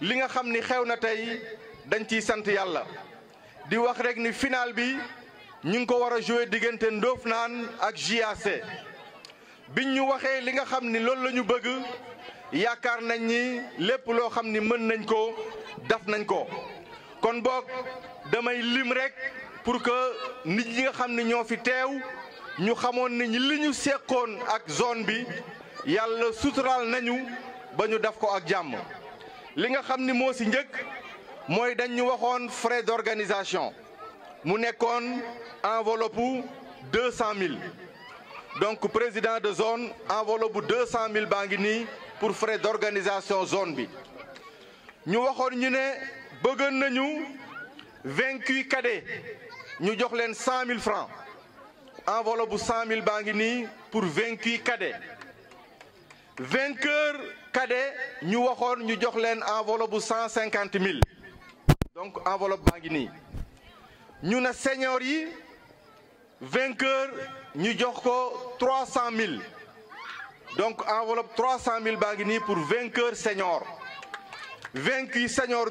li nga xam ni xew na tey dañ ciy sant yàlla di wax rek ni final bi ñu ngi ko war a joué diggante Ndofnane ak JAC biñ ñu waxee li nga xam ni loolu lañu bëgg yaakaar nañ ni lépp loo xam ni mën nañ ko daf nañ ko kon boog damay lim rek pour que nit ñi nga xam ni ñoo fi teew ñu xamoon ni li ñu seqoon ak zone bi yàlla suturaal nañu ba ñu daf ko ak jàmm Ce que vous c'est que nous avons des frais d'organisation. Nous avons a 200 000. Donc, le président de la zone enveloppe 200 000 pour pour frais d'organisation zone. Nous avons nous avons 28 cadets. Nous avons 100 000 francs. Enveloppe 100 000 banques pour 28 cadets vainqueur cadet, nous avons nous 150 000. Donc, enveloppe baguini. Nous avons seigneurie, vainqueur, nous avons 300 000. Donc, enveloppe 300 000 Bangini pour vainqueur seigneur. Vaincu seigneur,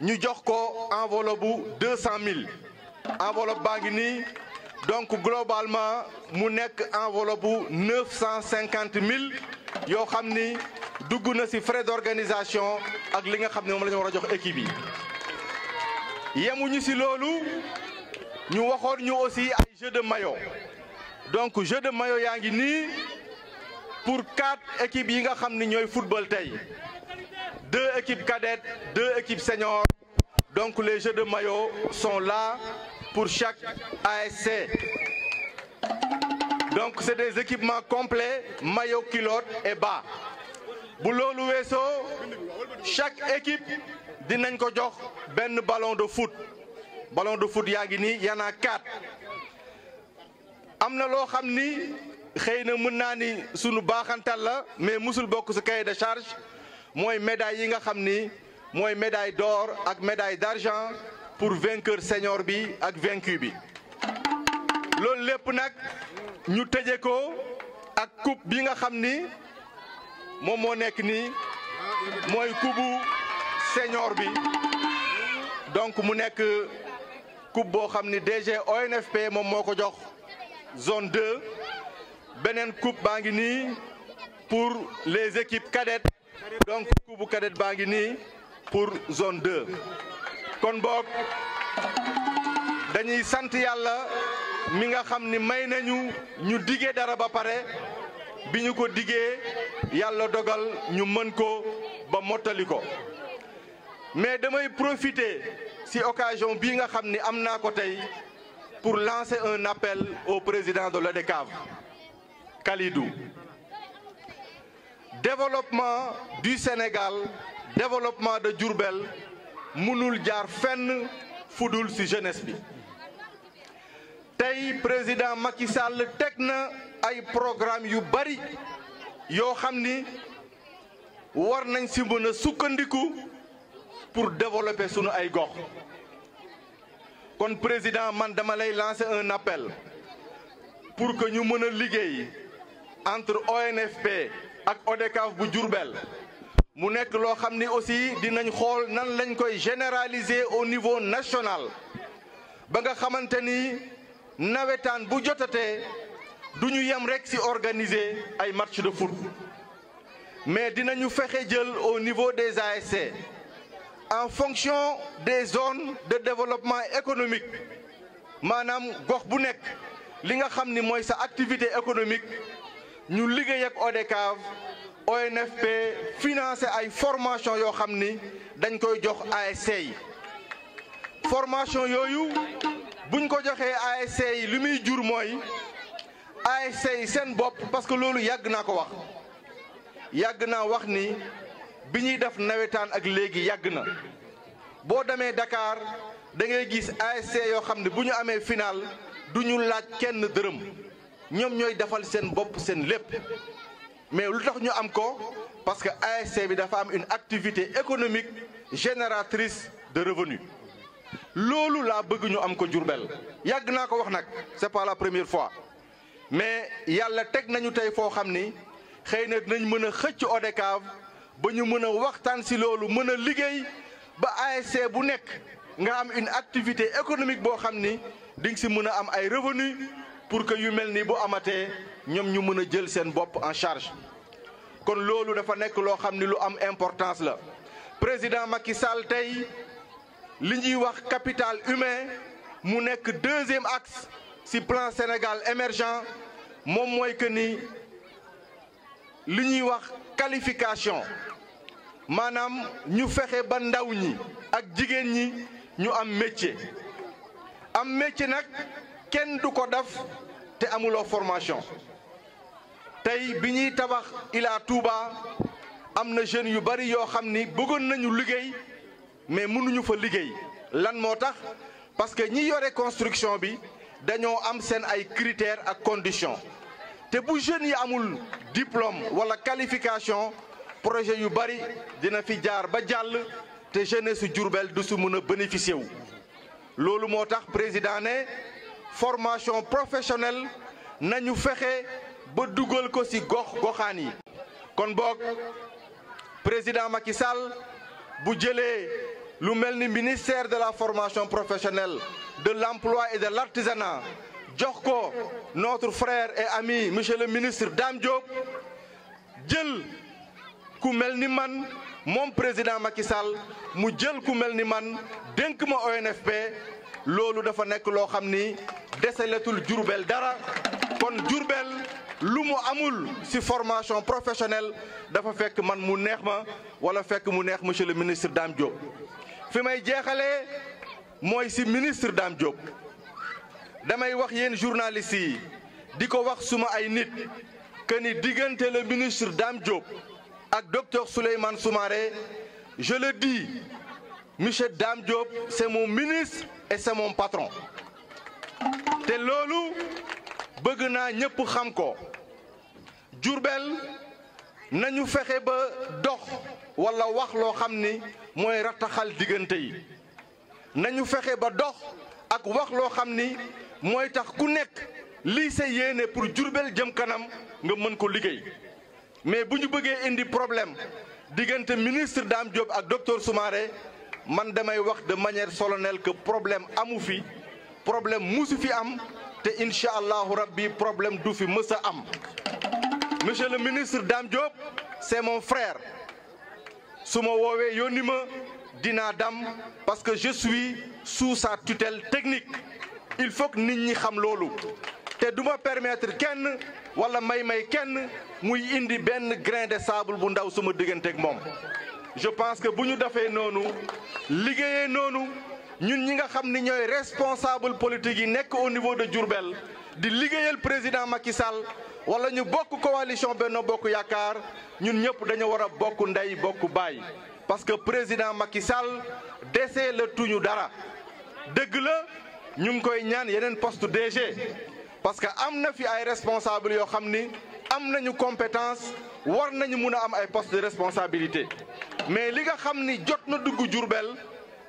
nous avons enveloppe 200 000. Enveloppe baguini, donc globalement, nous avons 950 000 yo xamni ni des na ci frais d'organisation ak li nga xamni mom équipes. wara jox équipe ci aussi ay jeux de maillot donc jeux de maillot sont ngi pour quatre équipes yi nga xamni ñoy football tay deux équipes cadettes deux équipes seniors donc les jeux de maillot sont là pour chaque ASC donc c'est des équipements complets maillot culotte et bas Boulot, loolu chaque équipe dinañ ko jox ballon de foot ballon de foot il y en a quatre am na loo xam sunu la mais musul bokk ce cahier de charge moy médaille yi nga xamni médaille d'or ak médaille d'argent pour vainqueur senior bi ak vaincu bi lol lepp nak ñu tëje ko ak coupe bi nga xam ni moom moo nekk nii mooy kubu senior bi donc mu nekk coupe boo xam ni DG ONFP moom moo ko jox zone 2 beneen coupe baa ngi nii pour les équipes cadettes donc coupe cadette baa ngi nii pour zone 2 kon boog dañuy sant yàlla mi nga xamni nous may nañu ñu diggé dara ba paré Nous ko diggé yalla dogal ñu mën ba mais damay profiter ci occasion bi nga pour lancer un appel au président de Khalidou. Kalidou développement du Sénégal développement de Djourbel, mënul jaar fenn fudul ci jeunesse tey président Macky Sall tekna ay programme yu bari yo xamni war nañ ci mëna sukkandiku pour développer sunu ay gox kon président man dama lay lancer un appel pour que ñu mëna a entre ONFP ak ODCAV bu Diourbel mu nekk lo xamni aussi dinañ xol nan lañ koy généraliser au niveau national ba nga xamanteni nous bu jotatee duñu ñu yem ci organiser ay match de foot mais dinañu fexe jël au niveau des ASC en fonction des zones de développement économique maanaam gox bu nekk li nga xam ni sa activité économique ñu liggéey ak Odecav, ONFP financer ay formation yoo xam ni dañ koy jox ASC formation yooyu buñ ko joxé ASC yi limuy muy jur mooy ASC yi seen parce que lolu yag naa ko wax yag na wax ni biñuy def nawetaan ak légui yag na bo démé Dakar da ngay gis ASC yo xamné buñu amé final duñu ñu laaj kenn deureum ñom ñoy defal sen bop sen lépp mais lutax ñu am ko parce que ASC bi dafa am une activité économique génératrice de revenus lolu la bëgg ñu am ko Jurbel yag na ko wax nak c'est pas la première fois mais yalla tek nañu tay fo xamni xeyna xëy na dinañ a xëcc ODCAV ba ñu mën a waxtaan si loolu mën liggéey ba ASC bu nekk nga am une activité économique bo xamni ding ci mëna si am ay revenus pour que yu melni bu amaté ñom ñu mëna jël sen bop en charge kon lolu dafa nekk lo xamni lu am importance la président Macky Sall tey li wax capital humain mu nekk deuxième axe ci plan Sénégal émergent mon mooy que ni li wax qualification Manam, ñu fexe ba ndaw ñi ak jigéen ñi ñu am métier am métier nag kenn du ko te amuloo formation tey bi ñuy tabax Ila Touba am ne jeunes yu bari yoo xam ni bëggoon nañu liggéey mais nous fa liggéey parce que ñi construction bi dañoo am critères conditions Si bu jeunes pas de diplôme de qualification projet yu bari dina bénéficier wu. qui est président formation professionnelle nañu fexe ba président le ministère de la formation professionnelle de l'emploi et de l'artisanat jox notre frère et ami monsieur le ministre Dame Diop jël ku président Macky Sall mu Djel ku mel man ma ONFP lolu dafa nek lo xamni djourbel dara kon djurbel, lumu amul ci formation professionnelle dafa fek man mu neex ma wala fek mu neex monsieur le ministre Dame Diop fi may jeexalee mooy si ministre Dame Diop damay wax yéen journalistes yi di ko wax suma ay nit que ni diggante le ministre Dame Diop ak docteur Souleymane Soumaré je le dis monsieur Dame c'est mon ministre et c'est mon patron te loolu bëgg naa ñëpp xam ko Diourbel nañu fexe ba dox wala wax lo xamni moy rataxal rattaxal yi nañu fexé ba dox ak wax lo xamni moy tax ku nek lii sa pour Jurbel jëm kanam nga mën ko liggéey mais buñu bëggé indi problème diggante ministre Dame job, ak docteur Soumaré man damay wax de manière solennelle que problème amu fi problème musu fi am te inshallah rabbi problème du fi am monsieur le ministre Dame job, c'est mon frère suma wowe woowee dina dam parce que je suis sous sa tutelle technique il faut que nit ñi xam lolu té duma permettre kenn wala may-may kenn muy indi ben grain de sable bu ndaw suma ak mom je pense que buñu dafé defee noonu liggéeyee ñun ñi nga xam ni ñoy responsable politique yi nek au niveau de Diourbel di liggéeyal président Macky Sall wale nou boku kowali chanbe nou boku yakar nyoun nyop denyo wara boku ndayi boku bayi paske prezident Makisal dese le tou nyou dara degle nyoun kwen nyan yenen post deje paske amne fi ay responsabili yo khamni amne nyou kompetans wane nyou mwona am ay post de responsabilite men liga khamni djot nou dugou djurbel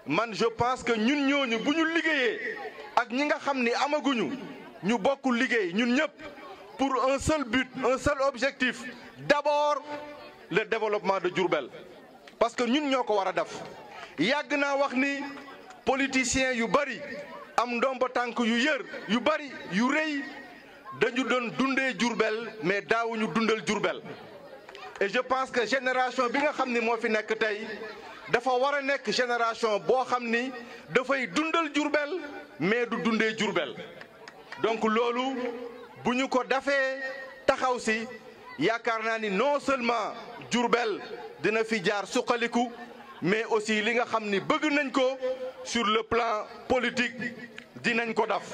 man je paske nyoun nyoun nou bou nyou ligaye ak nyong khamni ame goun nou nyou boku ligaye, nyoun nyop pour un seul but, un seul objectif. D'abord, le développement de Djourbel. Parce que nous nous il a def y wax ni politiciens ont bari am ndomba yu faire yu bari yu dañu mais et je pense que génération bi nga xam de fi dafa wara génération boo xam ni a mais du Djourbel. donc l'eau. bu ñu ko dafee taxaw si yaakaar naa ni non seulement Diourbel dina fi jaar suqaliku mais aussi li nga xam ni bëgg nañ ko sur le plan politique dinañ ko daf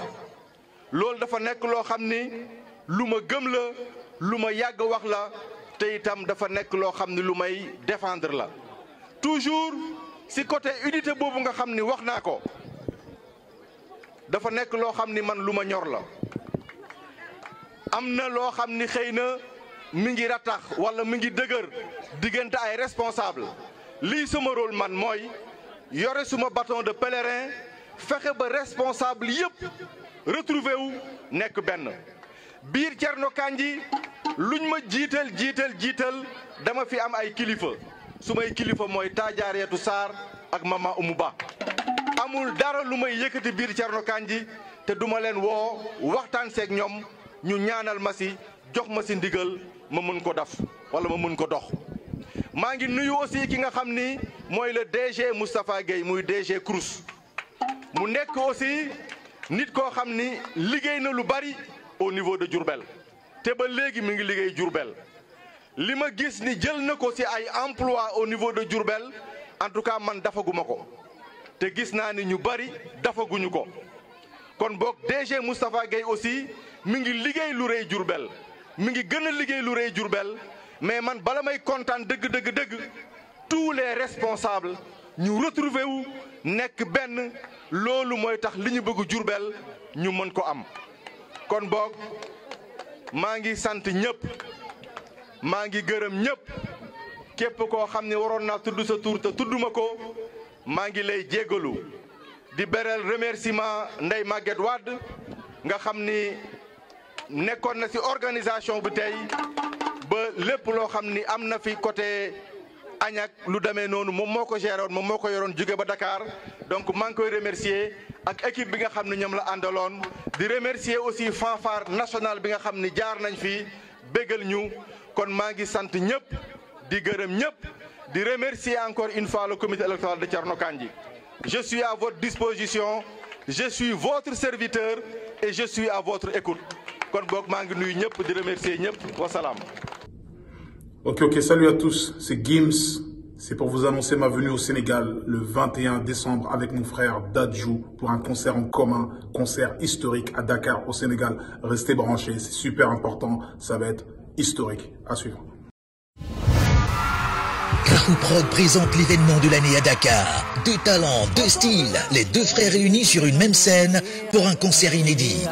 loolu dafa nekk loo xam ni lu ma gëm la lu ma yàgg wax la te itam dafa nekk loo xam ni lu may défendre la toujours si côté unité boobu nga xam ni wax naa ko dafa nekk loo xam ni man lu ma ñor la am na loo xam ni xëy na mi ngi rattax wala mi ngi dëgër diggante ay responsable lii sama rôle man mooy yore suma bâton de pèlerin fexe ba responsable yëpp retrouvé wu nekk benn biir Thierno Kandji luñ ma jiital jiital jiital dama fi am ay kilifa su may kilifa mooy taajaareetu saar ak mama Oumou Ba amul dara lu may yëkkati biir Thierno Kandji te duma leen woo waxtaan seeg ñoom ñu ñaanal ma si jox ma si ndigal ma mën ko daf wala ma mën ko dox maa ngi nuyu aussi ki nga xam ni mooy le DG Moustapha Guèye muy DG Crous mu nekk aussi nit koo xam ni liggéey na lu bari au niveau de Diourbel te ba léegi mi ngi liggéey Diourbel li ma gis ni jël na ko ci ay emploi au niveau de Diourbel en tout cas man dafaguma ko te gis naa ni ñu bari dafaguñu ko kon boog DG Moustapha Guèye aussi mi ngi liggéey lu rëy jurbel mi ngi gën a liggéey lu rëy jurbel mais man bala may kontaan dëgg dëgg dëgg tous les responsables ñu retrouver wu nekk benn loolu mooy tax li ñu bëgg jurbel ñu mën ko am kon boog maa ngi sant ñëpp maa ngi gërëm ñëpp képp koo xam ne waroon naa tudd sa tour te tudduma ko maa ngi lay jéggalu di bereel remerciement Ndeye Maguette Wade nga xam ni nekkoon na ci organisation bi tey ba lépp loo xam ni am na fi côté Agnac lu demee noonu moom moo ko géré woon moom moo ko yoroon jóge ba Dakar donc maa ngi koy remercier ak équipe bi nga xam ne ñoom la àndaloon di remercier aussi fanfare nationale bi nga xam ni jaar nañ fi bégal ñu kon maa ngi sant ñëpp di gërëm ñëpp di remercier encore une fois le comité électoral de Thierno Kandji je suis à votre disposition je suis votre serviteur et je suis à votre écoute ok ok salut à tous c'est Gims c'est pour vous annoncer ma venue au Sénégal le 21 décembre avec mon frère d'Adjou pour un concert en commun, concert historique à Dakar au Sénégal. Restez branchés, c'est super important, ça va être historique. À suivre. Prod présente l'événement de l'année à Dakar. Deux talents, deux styles, les deux frères réunis sur une même scène pour un concert inédit.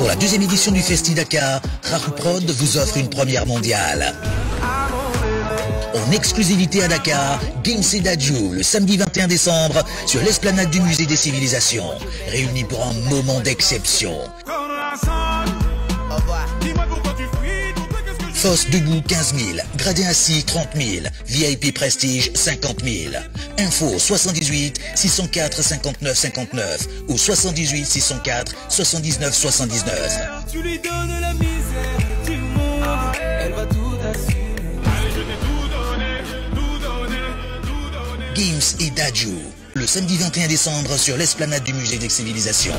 Pour la deuxième édition du Festi Dakar, Rahou Prod vous offre une première mondiale. En exclusivité à Dakar, Gims Dadju, le samedi 21 décembre, sur l'esplanade du Musée des Civilisations, réunis pour un moment d'exception. Fosse debout 15 000, gradé assis 30 000, VIP prestige 50 000. Info 78 604 59 59 ou 78 604 79 79. Tu lui et Dajou, le samedi 21 décembre sur l'esplanade du musée des civilisations.